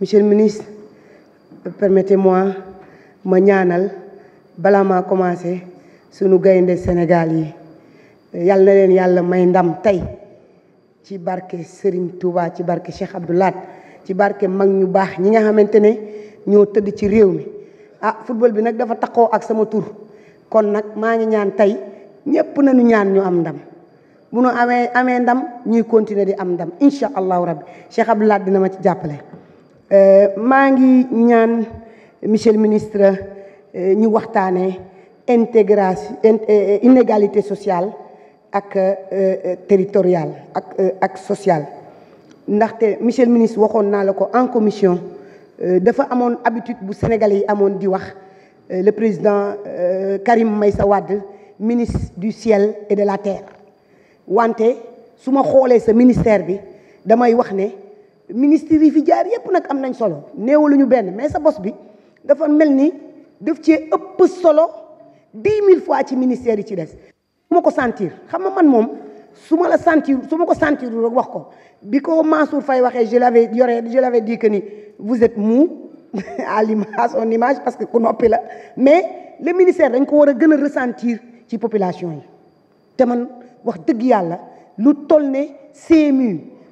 monsieur le ministre permettez-moi ma ñaanal balaa maa commencé sunu gaynde Sénégal yi yàlla na leen yàlla may ndam tey ci barké Serigne Touba ci barké Cheikh abdoulat ci barké mag ñu bax ñi nga xamantene ne ñoo teud ci réew mi ah football bi nak dafa taxo ak sama tour kon nak ma ngi ñaan tay ñepp nañu ñaan ñu am ndam bu nu amé ndam ñuy continuer di am ndam inshallah Cheikh abdoulat dina ma ci jappalé eh, maa ñaan monsieur le ministre eh, ñu avons intégration eh, inégalité sociale et territoriale ak social. sociale monsieur le ministre nous avons en commission dafa mon habitude bu Sénégalais yi di le président Karim Maïsawad, ministre du ciel et de la terre Nous avons ma ce ministère bi damay wax né ministère de fi jaar yépp nag am nañ solo mais sa bos bi dafa mel ni daf cee ëpp solo dix fois ci ministère ci des. sentir man la sentir je l'avais je l'avais dit que ni vous êtes mou à l'image son image parce que mais le ministère dañ ko ressentir ci population yi te man wax dëgg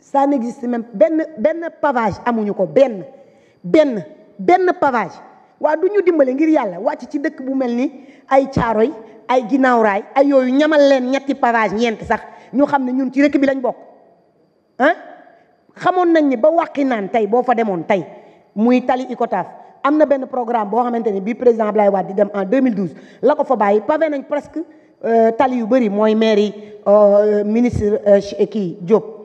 ça n'existe même benn benn pavage amuñu ko benn benn benn pavage waa du ñu dimbale ngir yàlla wàcc ci dëkk bu mel ni ay caaroy ay ginaawraay raay ay yooyu ñamal leen ñetti pavage ñeent sax ñu xam ne ñun ci rëkk bi lañu bokk ah xamoon nañ ni ba wàqi naan tey boo fa demoon tey muy tali Icotaf am na benn programme boo xamante ni bii président Abdoulaye Wade di dem en 2012 la ko fa bàyyi pavé nañ presque euh, tali yu bëri mooy mairie euh, ministre euh, kii Diop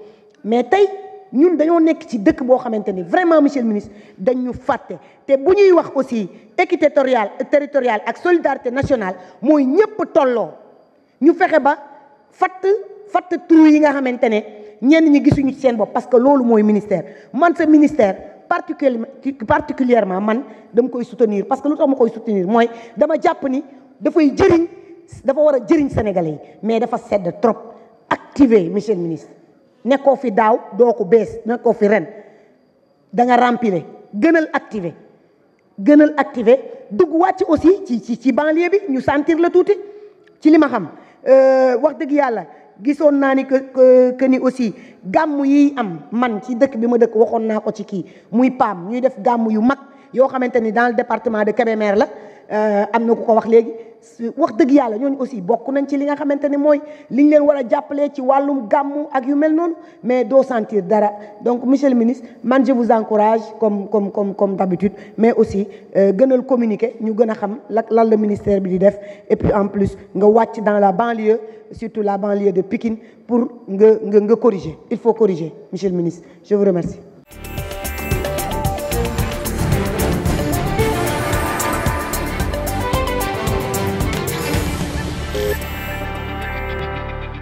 mais tay ñun dañoo nekk ci dëkk boo xamante ni vraiment monsieur le ministre dañu ñu fàtte te bu ñuy wax aussi équité territoriale ak solidarité nationale mooy ñëpp tolloo ñu fexe ba fatt fatt trou yi nga xamante ne ñenn ñi gisuñu ci seen bopp parce que loolu mooy ministère man sa ministère particulièrement particulièrement man dama koy soutenir parce que lu tax ma koy soutenir mooy dama jàpp ni dafay jëriñ dafa war a jëriñ sénégalais yi mais dafa sedd trop activé monsieur le ministre nekkoo fi daaw doo ko bees nekkoo fi ren da nga remplir gënal activer gënal activer dug wàcc aussi ci ci ci banlieue bi ñu sentir le touti ci li ma xam euh wax deug yalla gisoon naa que que ni aussi gamu yi am man ci dëkk bi ma dëkk waxoon naa ko ci ki muy PAM ñuy def gamu yu mag yo xamanteni dans le département de Kébémer la euh, am na ko ko wax légui wax deug yalla ñooñu aussi bokku nañ ci li nga xamante moy liñ leen war a ci walum gàmmu ak yu mel non, mais do sentir dara donc monsieur le ministre man je vous encourage comme comme comme comme d'habitude mais aussi euh, gënal communiquer ñu gëna xam la lan la ministère bi di def et puis en plus nga wacc dans la banlieue surtout la banlieue de Pikine pour nga nga nga corriger il faut corriger monsieur le ministre je vous remercie